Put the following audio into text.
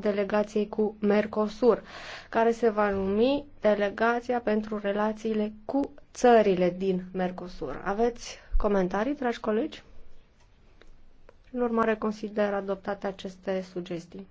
delegației cu Mercosur, care se va numi Delegația pentru relațiile cu țările din Mercosur. Aveți comentarii, dragi colegi? În urmare, consider adoptate aceste sugestii.